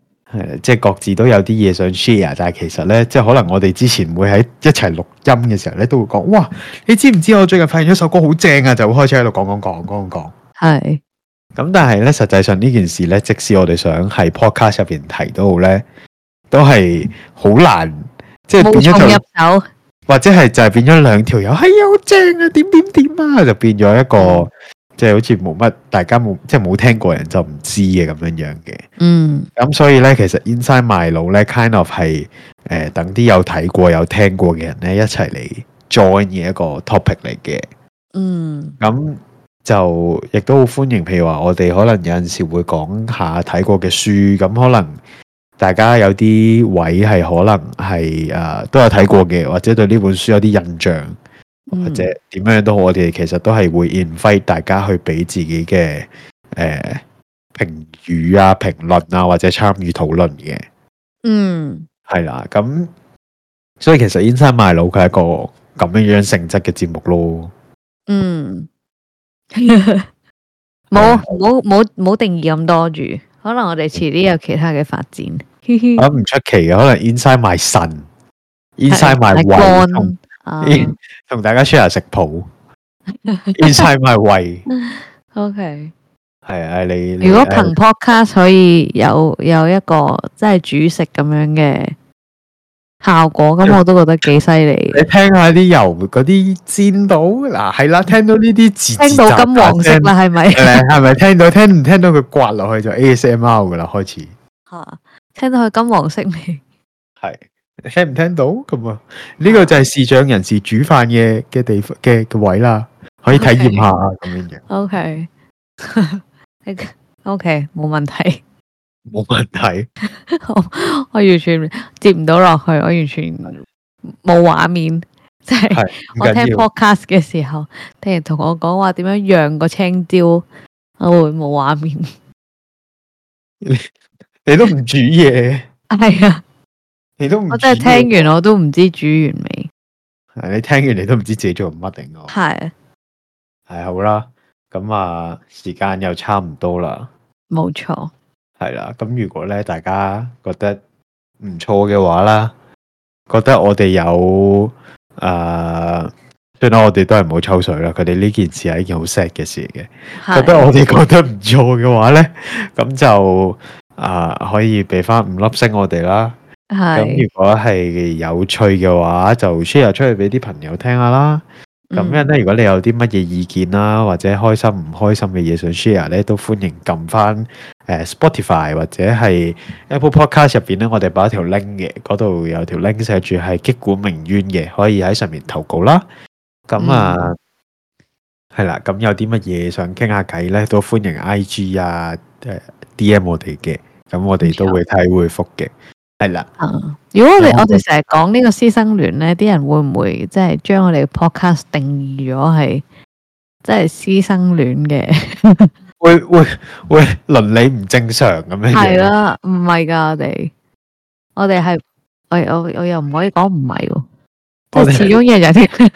即係各自都有啲嘢想 share，但係其實呢，即係可能我哋之前會喺一齊錄音嘅時候呢，都會講，哇，你知唔知我最近發現咗首歌好正啊？就會開始喺度講講講講講。係，咁但係呢，實際上呢件事呢，即使我哋想喺 podcast 入邊提都好都係好難，即係變咗手或者係就係變咗兩條友，係、哎、呀，好正啊，點點點啊，就變咗一個。嗯即係好似冇乜，大家冇即係冇聽過人就唔知嘅咁樣樣嘅。嗯，咁所以呢，其實 Inside My 腦呢 kind of 係、呃、等啲有睇過、有聽過嘅人呢一齊嚟 join 嘅一個 topic 嚟嘅。嗯，咁就亦都好歡迎。譬如話，我哋可能有陣時會講下睇過嘅書，咁可能大家有啲位係可能係、呃、都有睇過嘅，或者對呢本書有啲印象。或者點樣都好，我哋其實都係會 invite 大家去俾自己嘅、誒、呃、評語啊、評論啊，或者參與討論嘅。嗯，係啦，咁所以其實 inside my 腦佢係一個咁樣樣性質嘅節目咯。嗯，冇冇冇冇定義咁多住，可能我哋遲啲有其他嘅發展。 [LAUGHS] 我諗唔出奇嘅，可能 inside my 腎、inside my 胃。同 [LAUGHS] 大家 share 食譜，變晒我係胃。O K，係啊，你如果憑 podcast 可以有有一個即係煮食咁樣嘅效果，咁 [LAUGHS] 我都覺得幾犀利。你聽下啲油嗰啲煎到嗱，係、啊、啦、啊，聽到呢啲字，聽到金黃色啦，係咪？係咪、啊、聽到 [LAUGHS] 聽唔聽到佢刮落去就 ASMR 噶啦？開始吓、啊，聽到佢金黃色未？係。聽唔聽到咁啊？呢、這個就係視障人士煮飯嘅嘅地方嘅位啦，可以體驗下啊咁樣嘅。O K，O K，冇問題，冇問題 [LAUGHS] 我。我完全接唔到落去，我完全冇畫面。即、就是、係我聽 podcast 嘅時候，聽人同我講話點樣讓個青椒，我會冇畫面。 [LAUGHS] 你你都唔煮嘢？係 [LAUGHS] 啊。你都唔，我真係聽完我都唔知煮完未。你聽完你都唔知自己做乜定個。係係好啦，咁啊時間又差唔多啦。冇錯。係啦，咁如果咧大家覺得唔錯嘅話啦，覺得我哋有誒、算、呃、啦我哋都係唔好抽水啦。佢哋呢件事係一件好 sad 嘅事嘅。覺得我哋覺得唔錯嘅話咧，咁 [LAUGHS] 就啊、呃、可以俾翻五粒星我哋啦。咁如果係有趣嘅話，就 share 出去俾啲朋友聽下啦。咁、嗯、樣咧，如果你有啲乜嘢意見啦、啊，或者開心唔開心嘅嘢想 share 咧，都歡迎撳翻、呃、Spotify 或者係 Apple Podcast 入邊咧，我哋擺條 link 嘅嗰度有條 link 寫住係擊鼓鳴冤嘅，可以喺上面投稿啦。咁啊，係、嗯、啦。咁有啲乜嘢想傾下偈咧，都歡迎 I G 啊，誒、呃、D M 我哋嘅，咁我哋都會睇會覆嘅。係啦、嗯，如果你我哋成日講呢個師生戀呢，啲人會唔會即係將我哋嘅 podcast 定義咗係即係師生戀嘅 [LAUGHS] 會會會倫理唔正常咁樣？係啦，唔係噶，我哋我哋係我我，我又唔可以講唔係，即係、就是、始終有人啲，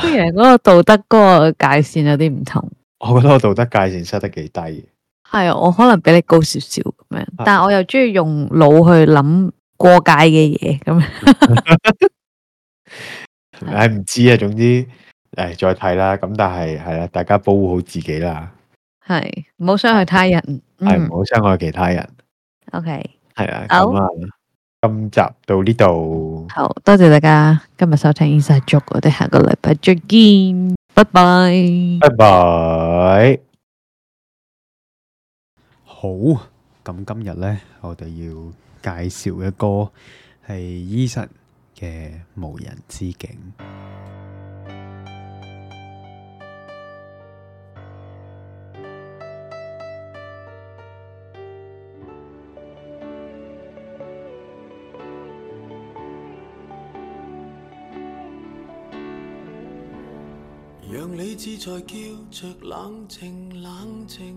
雖然嗰個道德嗰個界線有啲唔同，我覺得個道德界線失得幾低。係啊，我可能比你高少少咁樣，但係我又中意用腦去諗過界嘅嘢咁樣 [LAUGHS] [LAUGHS] 唉，唔知啊，總之，唉，再睇啦。咁但係係啦，大家保護好自己啦。係，唔好傷害他人。係，唔好傷害其他人。O K，係啊。好啊，oh. 今集到呢度。好多謝大家今日收聽《Inside Joke》，我哋下個禮拜再見。拜拜。拜拜。好，咁今日咧，我哋要介紹嘅歌係 Eason 嘅《無人之境》。讓理智在叫著冷靜，冷靜。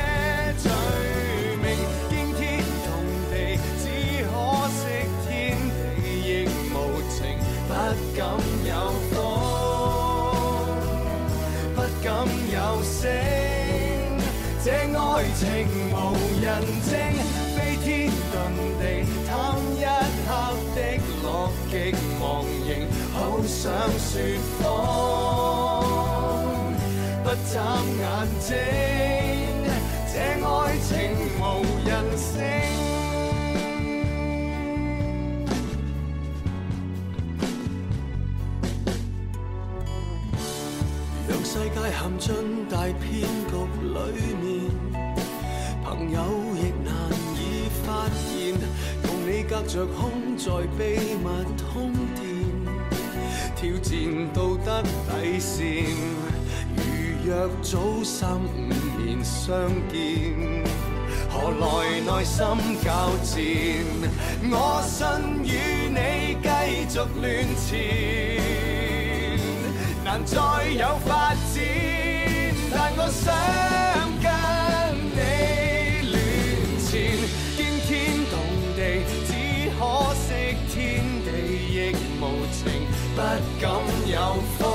這愛情無人證，飛天遁地貪一刻的樂極忘形，好想說謊，不眨眼睛。這愛情無人性。世界陷進大騙局裏面，朋友亦難以發現。共你隔着空在秘密通電，挑戰道德底線。如若早三五年相見，何來內心交戰？我信與你繼續亂纏。難再有發展，但我想跟你亂纏，驚天動地，只可惜天地亦無情，不敢有風，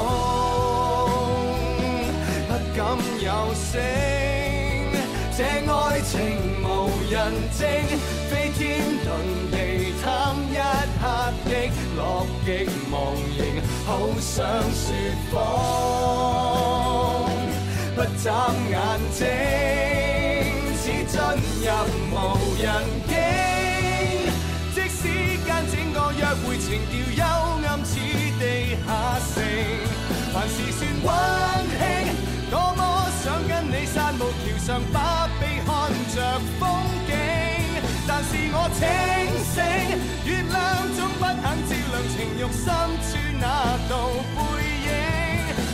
不敢有聲，這愛情無人證，飛天遁地貪一刻的樂極忘形。好想說謊，不眨眼睛，似進入無人之境。 [MUSIC] 即使間整個約會情調幽暗，似地下城。凡事算溫馨，多麼想跟你散步橋上不，把臂看着風景。但是我清醒，月亮總不肯照亮情慾深處。那道背影，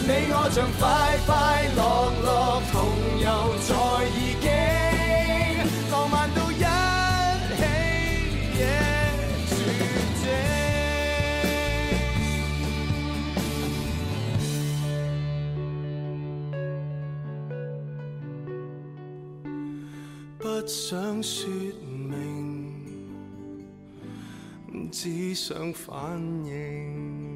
你我像快快樂樂同遊在異境，浪漫到一起也絕跡。不想說明，只想反應。